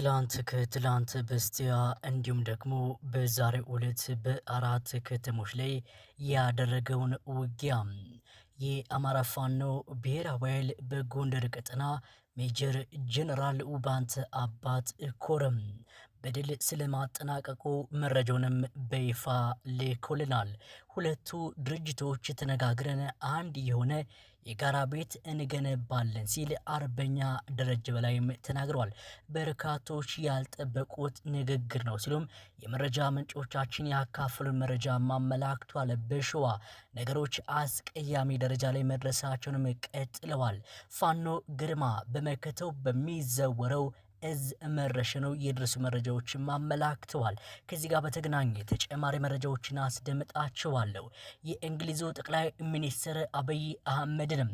ትላንት ከትላንት በስቲያ እንዲሁም ደግሞ በዛሬ ዕለት በአራት ከተሞች ላይ ያደረገውን ውጊያ የአማራ ፋኖ ብሔራዊ ኃይል በጎንደር ቀጠና ሜጀር ጀነራል ውባንተ አባት ኮረም በድል ስለማጠናቀቁ መረጃውንም በይፋ ልኮልናል። ሁለቱ ድርጅቶች ተነጋግረን አንድ የሆነ የጋራ ቤት እንገነባለን ሲል አርበኛ ደረጀ በላይም ተናግረዋል። በርካቶች ያልጠበቁት ንግግር ነው ሲሉም የመረጃ ምንጮቻችን ያካፍሉን መረጃ ማመላክቷል። በሸዋ ነገሮች አስቀያሚ ደረጃ ላይ መድረሳቸውንም ቀጥለዋል። ፋኖ ግርማ በመከተው በሚዘወረው እዝ መረሸ ነው የደረሱ መረጃዎችን አመላክተዋል። ከዚህ ጋር በተገናኘ ተጨማሪ መረጃዎችን አስደምጣቸዋለሁ። የእንግሊዙ ጠቅላይ ሚኒስትር አብይ አህመድንም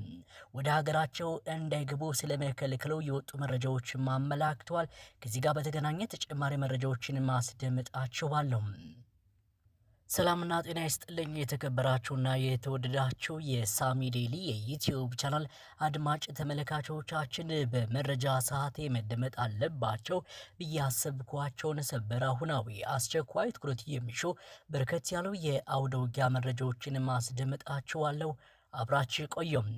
ወደ ሀገራቸው እንዳይገቡ ስለመከልክለው የወጡ መረጃዎችን አመላክተዋል። ከዚህ ጋር በተገናኘ ተጨማሪ መረጃዎችን አስደምጣቸዋለሁ። ሰላምና ጤና ይስጥልኝ የተከበራችሁና የተወደዳችሁ የሳሚ ዴሊ የዩትዩብ ቻናል አድማጭ ተመልካቾቻችን በመረጃ ሰዓቴ መደመጥ አለባቸው ብያሰብኳቸውን ሰበር አሁናዊ አስቸኳይ ትኩረት የሚሹ በርከት ያለው የአውደ ውጊያ መረጃዎችን ማስደመጣችኋለሁ። አብራችሁ ቆየም።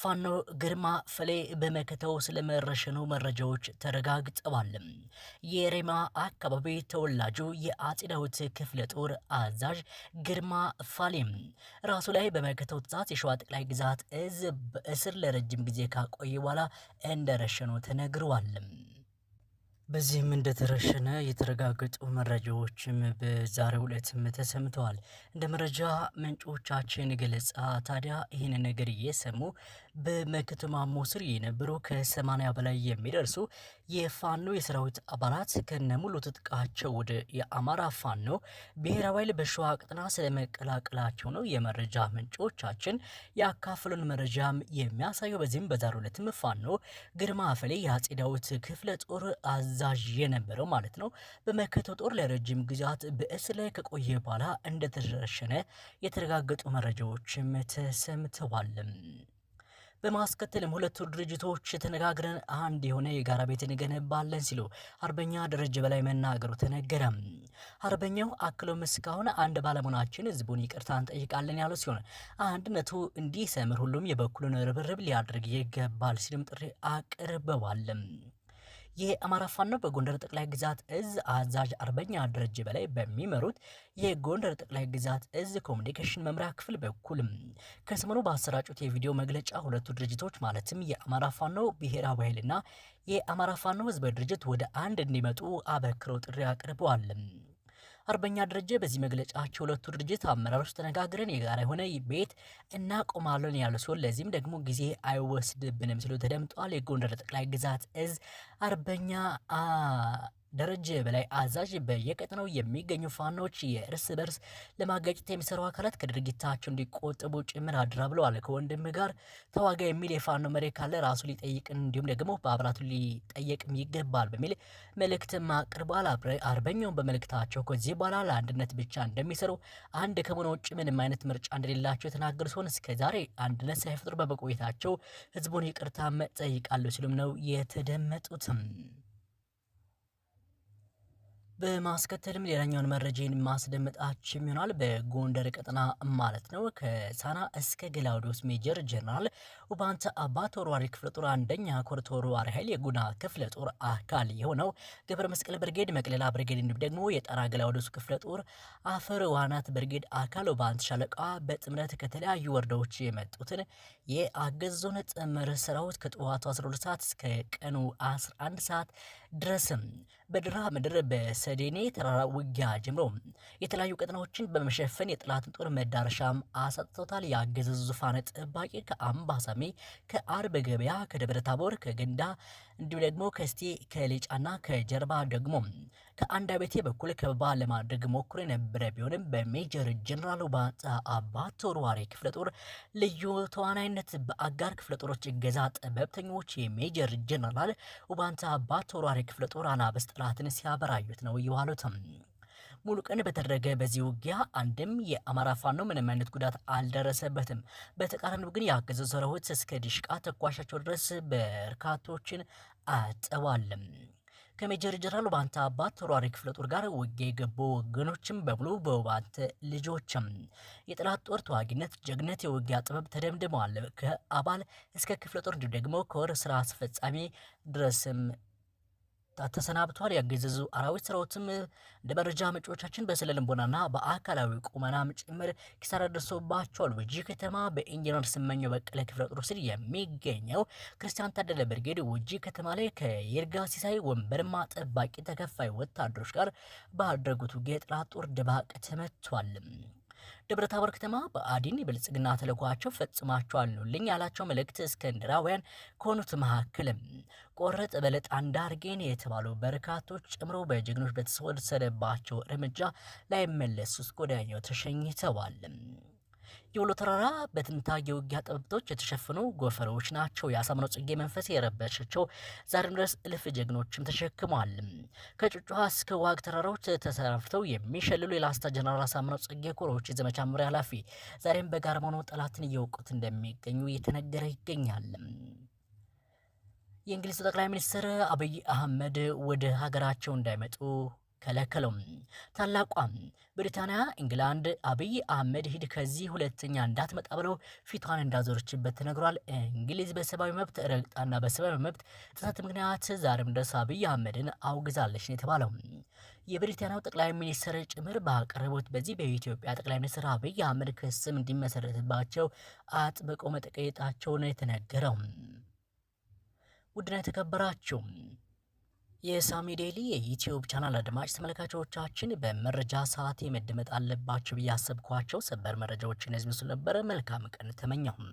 ፋኖ ግርማ ፈሌ በመከተው ስለመረሸኑ መረጃዎች ተረጋግጠዋል። የሬማ አካባቢ ተወላጁ የአጼ ዳዊት ክፍለ ጦር አዛዥ ግርማ ፋሌም ራሱ ላይ በመከተው ትዛት የሸዋ ጠቅላይ ግዛት እዝ በእስር ለረጅም ጊዜ ካቆየ በኋላ እንደረሸኑ ተነግረዋል። በዚህም እንደተረሸነ የተረጋገጡ መረጃዎችም በዛሬው ዕለትም ተሰምተዋል። እንደ መረጃ ምንጮቻችን ገለጻ ታዲያ ይህን ነገር እየሰሙ በመከተማሞ ስር የነበሩ ከ80 በላይ የሚደርሱ የፋኖ የሰራዊት አባላት ከነ ሙሉ ትጥቃቸው ወደ የአማራ ፋኖ ብሔራዊ ኃይል በሸዋ ቀጠና ስለመቀላቀላቸው ነው የመረጃ ምንጮቻችን ያካፍሉን መረጃም የሚያሳየው። በዚህም በዛሬው ዕለትም ፋኖ ግርማ አፈሌ የአጼ ዳዊት ክፍለ ጦር አዛዥ የነበረው ማለት ነው በመከተው ጦር ለረጅም ጊዜያት በእስር ላይ ከቆየ በኋላ እንደተረሸነ የተረጋገጡ መረጃዎችም ተሰምተዋል። በማስከተልም ሁለቱ ድርጅቶች ተነጋግረን አንድ የሆነ የጋራ ቤት እንገነባለን ሲሉ አርበኛ ደረጀ በላይ መናገሩ ተነገረ። አርበኛው አክሎም እስካሁን አንድ ባለመሆናችን ህዝቡን ይቅርታ እንጠይቃለን ያሉ ሲሆን አንድነቱ እንዲሰምር ሁሉም የበኩሉን ርብርብ ሊያደርግ ይገባል ሲልም ጥሪ አቅርበዋል። የአማራ ፋኖ በጎንደር ጠቅላይ ግዛት እዝ አዛዥ አርበኛ ደረጀ በላይ በሚመሩት የጎንደር ጠቅላይ ግዛት እዝ ኮሚኒኬሽን መምሪያ ክፍል በኩል ከሰሞኑ ባሰራጩት የቪዲዮ መግለጫ ሁለቱ ድርጅቶች ማለትም የአማራ ፋኖ ብሔራዊ ኃይልና የአማራ ፋኖ ህዝባዊ ድርጅት ወደ አንድ እንዲመጡ አበክረው ጥሪ አቅርበዋል። አርበኛ ደረጀ በዚህ መግለጫቸው ሁለቱ ድርጅት አመራሮች ተነጋግረን የጋራ የሆነ ቤት እናቆማለን ያሉ ሲሆን ለዚህም ደግሞ ጊዜ አይወስድብንም ሲሉ ተደምጧል። የጎንደር ጠቅላይ ግዛት እዝ አርበኛ ደረጀ በላይ አዛዥ በየቀጠናው የሚገኙ ፋኖች የእርስ በርስ ለማጋጨት የሚሰሩ አካላት ከድርጊታቸው እንዲቆጥቡ ጭምር አድራ ብለዋል። ከወንድም ጋር ተዋጋ የሚል የፋኖ መሪ ካለ ራሱ ሊጠይቅ እንዲሁም ደግሞ በአባላቱ ሊጠየቅም ይገባል በሚል መልእክትም አቅርበዋል። አርበኛውን በመልእክታቸው ከዚህ በኋላ ለአንድነት ብቻ እንደሚሰሩ አንድ ከመሆን ውጭ ምንም አይነት ምርጫ እንደሌላቸው የተናገሩ ሲሆን እስከ ዛሬ አንድነት ሳይፈጥሩ በመቆየታቸው ህዝቡን ይቅርታ መጠይቃለሁ ሲሉም ነው የተደመጡትም። በማስከተልም ሌላኛውን መረጃን ማስደመጣችሁ ይሆናል። በጎንደር ቀጠና ማለት ነው። ከሳና እስከ ገላውዲዮስ ሜጀር ጀነራል ኡባንተ አባ ተወርዋሪ ክፍለ ጦር አንደኛ ኮር ተወርዋሪ ኃይል የጉና ክፍለ ጦር አካል የሆነው ገብረ መስቀል ብርጌድ፣ መቅለላ ብርጌድ እንዲሁም ደግሞ የጠራ ገላውዲዮስ ክፍለ ጦር አፈር ዋናት ብርጌድ አካል ኡባንተ ሻለቃ በጥምረት ከተለያዩ ወረዳዎች የመጡትን የአገዞን ጥምር ስራዎች ከጠዋቱ 12 ሰዓት እስከ ቀኑ 11 ሰዓት ድረስም በድራ ምድር በሰዴኔ ተራራ ውጊያ ጀምሮ የተለያዩ ቀጠናዎችን በመሸፈን የጠላትን ጦር መዳረሻም አሳጥቶታል። ያገዘ ዙፋነ ጠባቂ ከአምባሳሜ፣ ከአርብ ገበያ፣ ከደብረ ታቦር፣ ከገንዳ እንዲሁ ደግሞ ከስቴ ከሌጫና ከጀርባ ደግሞ ከአንድ ከአንደበቴ በኩል ከበባ ለማድረግ ሞክሮ የነበረ ቢሆንም በሜጀር ጀኔራሉ ባንታ አባ ተወርዋሪ ክፍለ ጦር ልዩ ተዋናይነት በአጋር ክፍለ ጦሮች እገዛ ጥበብተኞች የሜጀር ጀነራል ውባንታ አባ ተወርዋሪ ክፍለ ጦር አናብስት ጠላትን ሲያበራዩት ነው የዋሉትም። ሙሉ ቀን በተደረገ በዚህ ውጊያ አንድም የአማራ ፋኖ ምንም አይነት ጉዳት አልደረሰበትም። በተቃራኒው ግን የአገዛዙ ሰራዊት እስከ ዲሽቃ ተኳሻቸው ድረስ በርካቶችን አጠዋልም። ከሜጀር ጀነራል ባንታ አባት ተሯሪ ክፍለ ጦር ጋር ውጊያ የገቡ ወገኖችም በሙሉ በውባንተ ልጆችም የጠላት ጦር ተዋጊነት፣ ጀግነት፣ የውጊያ ጥበብ ተደምድመዋል። ከአባል እስከ ክፍለ ጦር እንዲሁም ደግሞ ከወር ስራ አስፈጻሚ ድረስም በመውጣት ተሰናብቷል። ያገዘዙ አራዊት ስራዎትም እንደ መረጃ ምንጮቻችን በስነ ልቦናና በአካላዊ ቁመናም ጭምር ኪሳራ ደርሶባቸዋል። ወጂ ከተማ በኢንጂነር ስመኘው በቀለ ክፍለ ጦር ስር የሚገኘው ክርስቲያን ታደለ ብርጌድ ወጂ ከተማ ላይ ከይርጋ ሲሳይ ወንበርማ ጠባቂ ተከፋይ ወታደሮች ጋር ባደረጉት ውጊያ የጠላት ጦር ድባቅ ተመቷል። ደብረታቦር ከተማ በአዲን የብልጽግና ተልኳቸው ፈጽማቸዋል ፈጽማቸዋሉልኝ ያላቸው መልእክት እስክንድራውያን ከሆኑት መካከልም ቆረጥ በለጥ አንዳርጌን የተባሉ በርካቶች ጨምሮ በጀግኖች በተወሰደባቸው እርምጃ ላይመለሱ እስከ ወዲያኛው ተሸኝተዋል። የወሎ ተራራ በትንታግ የውጊያ ጠበብቶች የተሸፈኑ ጎፈሬዎች ናቸው። የአሳምነው ጽጌ መንፈስ የረበሸቸው ዛሬም ድረስ እልፍ ጀግኖችም ተሸክመዋል። ከጩጩሃ እስከ ዋግ ተራራዎች ተሰራፍተው የሚሸልሉ የላስታ ጀነራል አሳምነው ጽጌ ኮሮች የዘመቻ መምሪያ ኃላፊ ዛሬም በጋር መሆኑ ጠላትን እየወቁት እንደሚገኙ እየተነገረ ይገኛል። የእንግሊዝ ጠቅላይ ሚኒስትር አብይ አህመድ ወደ ሀገራቸው እንዳይመጡ ከለከለው። ታላቋ ብሪታንያ ኢንግላንድ አብይ አህመድ ሂድ ከዚህ ሁለተኛ እንዳትመጣ ብለው ፊቷን እንዳዞረችበት ተነግሯል። እንግሊዝ በሰብአዊ መብት ረግጣና በሰብአዊ መብት ጥሰት ምክንያት ዛሬም ድረስ አብይ አህመድን አውግዛለች ነው የተባለው። የብሪታንያው ጠቅላይ ሚኒስትር ጭምር ባቀረቡት በዚህ በኢትዮጵያ ጠቅላይ ሚኒስትር አብይ አህመድ ክስም እንዲመሰረትባቸው አጥብቆ መጠየቃቸው ነው የተነገረው። ውድና የተከበራችሁ የሳሚ ዴሊ የዩቲዩብ ቻናል አድማጭ ተመልካቾቻችን በመረጃ ሰዓት መደመጥ አለባቸው ብያሰብኳቸው ሰበር መረጃዎችን ህዝብ ስለነበረ መልካም ቀን ተመኘሁም።